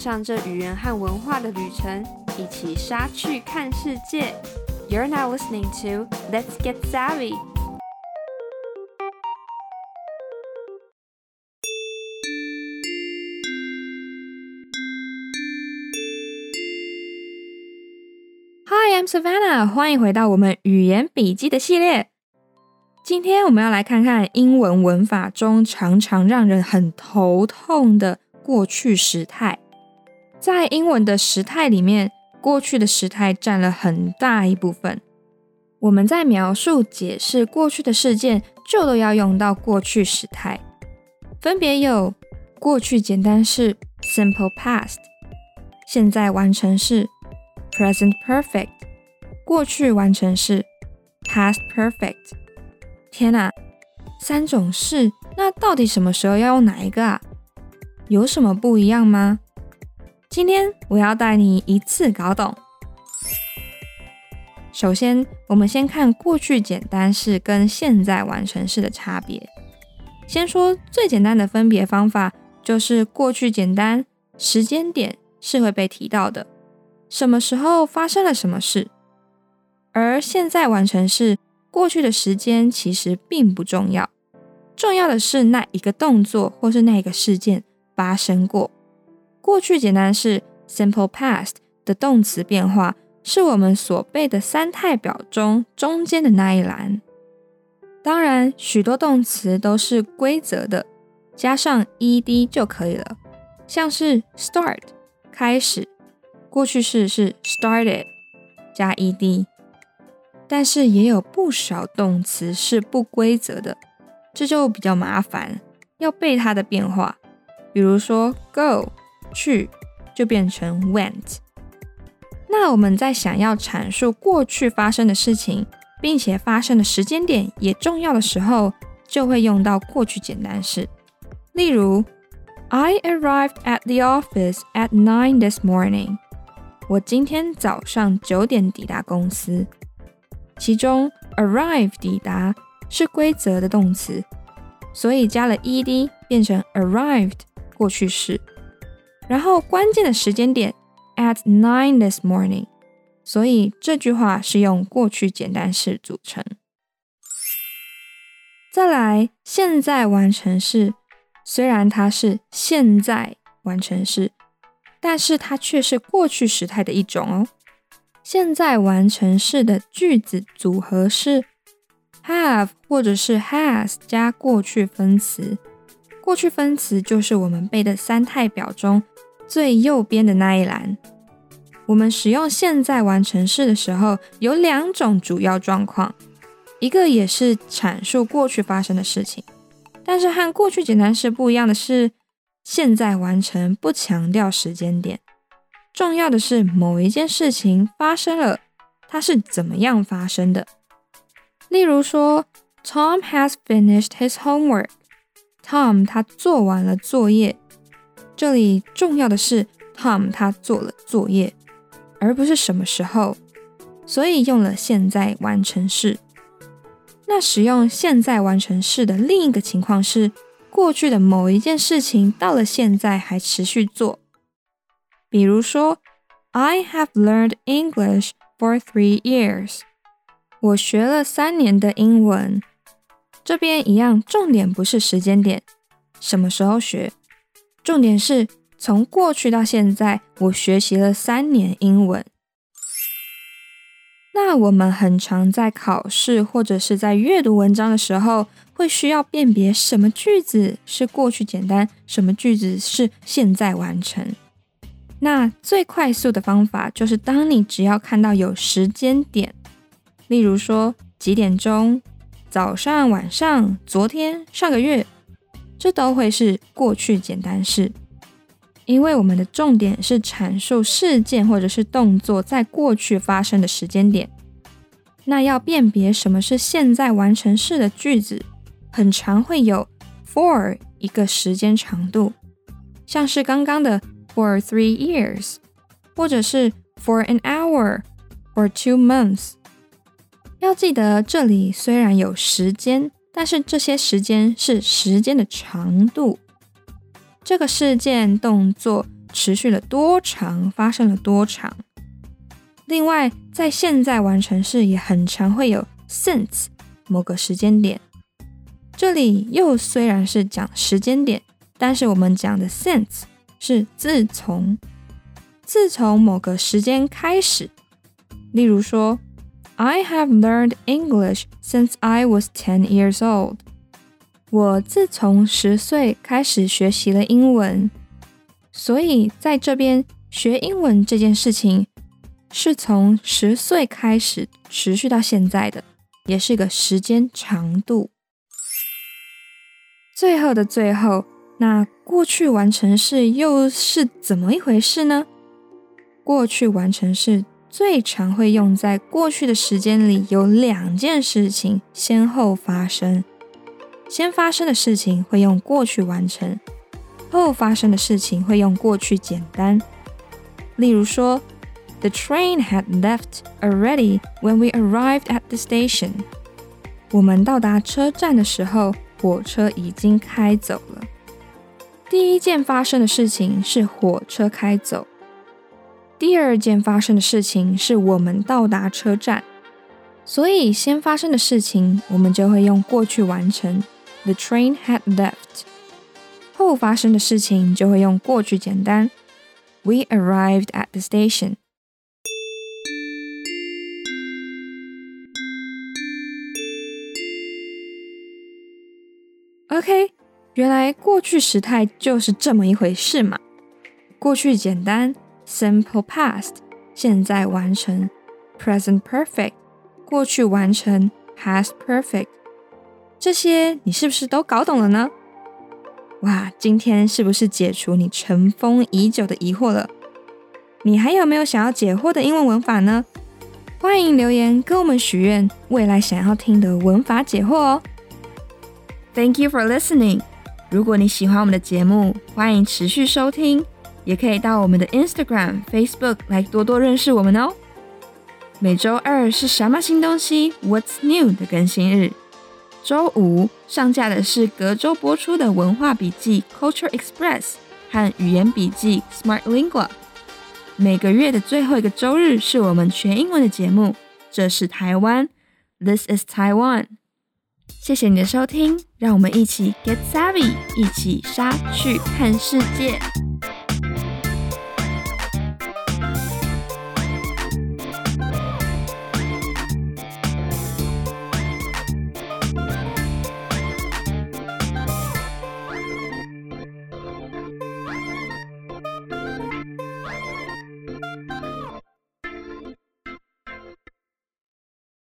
上這語言和文化的旅程，一起莎去看世界。You're now listening to Let's Get Savvy. Hi, I'm Savannah. 歡迎回到我們語言筆記的系列。今天我們要來看看英文文法中常常讓人很頭痛的過去時態。在英文的時態裡面，過去的時態占了很大一部分。我們在描述、解釋過去的事件，就都要用到過去時態。分別有過去簡單式 （simple past）、現在完成式 （present perfect）、過去完成式 （past perfect）。天哪啊，三種式，那到底什麼時候要用哪一個啊？有什麼不一樣嗎？今天我要帶你一次搞懂。首先，我們先看過去簡單式跟現在完成式的差別。先說最簡單的分別方法，就是過去簡單時間點是會被提到的，什麼時候發生了什麼事；而現在完成式，過去的時間其實並不重要，重要的是那一個動作或是那個事件發生過。過去簡單式 simple past 的動詞變化是我們所背的三態表中中間的那一欄。當然，許多動詞都是規則的，加上 ed 就可以了，像是 start 開始，過去式是 started 加 ed。但是也有不少動詞是不規則的，這就比較麻煩，要背它的變化。比如說 go。去就變成 went。那我們在想要闡述過去發生的事情，並且發生的時間點也重要的時候，就會用到過去簡單式。例如，I arrived at the office at nine this morning。我今天早上九點抵達公司。其中 arrive 抵達是規則的動詞，所以加了 ed 變成 arrived 過去式。然後關鍵的時間點 at nine this morning，所以這句話是用過去簡單式組成。再來，現在完成式，雖然它是現在完成式，但是它卻是過去時態的一種哦。現在完成式的句子組合是 have 或者是 has 加過去分詞。過去分詞就是我們背的三態表中最右邊的那一欄。我們使用現在完成式的時候，有兩種主要狀況，一個也是闡述過去發生的事情，但是和過去簡單式不一樣的是，現在完成不強調時間點，重要的是某一件事情發生了，它是怎麼樣發生的。例如說，Tom has finished his homework。Tom 他做完了作業。這裡重要的是 Tom 他做了作業，而不是什麼時候，所以用了現在完成式。那使用現在完成式的另一個情況是，過去的某一件事情到了現在還持續做。比如說，I have learned English for three years。我學了三年的英文。這邊一樣，重點不是時間點，什麼時候學，重點是從過去到現在，我學習了三年英文。那我們很常在考試或者是在閱讀文章的時候，會需要辨別什麼句子是過去簡單，什麼句子是現在完成。那最快速的方法就是，當你只要看到有時間點，例如說幾點鐘。早上、晚上、昨天、上個月，這都會是過去簡單式，因為我們的重點是闡述事件或者是動作在過去發生的時間點。那要辨別什麼是現在完成式的句子，很常會有 for 一個時間長度，像是剛剛的 for three years，或者是 for an hour，for two months。要記得，這裡雖然有時間，但是這些時間是時間的長度，這個事件動作持續了多長，發生了多長。另外，在現在完成式也很常會有 since 某個時間點，這裡又雖然是講時間點，但是我們講的 since 是自從，自從某個時間開始，例如說。I have learned English since I was ten years old. 我自從十歲開始學習了英文，所以在這邊學英文這件事情是從十歲開始持續到現在的，也是一個時間長度。最後的最後，那過去完成式又是怎麼一回事呢？過去完成式。最常會用在過去的時間裡有兩件事情先後發生，先發生的事情會用過去完成，後發生的事情會用過去簡單。例如說，The train had left already when we arrived at the station. 我們到達車站的時候，火車已經開走了。第一件發生的事情是火車開走。第二件發生的事情是我們到達車站，所以先發生的事情我們就會用過去完成，The train had left。後發生的事情就會用過去簡單，We arrived at the station。OK，原來過去時態就是這麼一回事嘛，過去簡單。Simple past，現在完成；Present perfect，過去完成；Past perfect，這些你是不是都搞懂了呢？哇，今天是不是解除你塵封已久的疑惑了？你還有沒有想要解惑的英文文法呢？歡迎留言跟我們許願，未來想要聽的文法解惑哦！Thank you for listening。如果你喜歡我們的節目，歡迎持續收聽。也可以到我們的 Instagram、Facebook 來多多認識我們哦。每周二是什麼新東西？What's new 的更新日。周五上架的是隔周播出的文化筆記 Culture Express 和語言筆記 Smart Lingua。每個月的最後一個周日是我們全英文的節目，這是台灣，This is Taiwan。謝謝你的收聽，讓我們一起 get savvy，一起莎去看世界。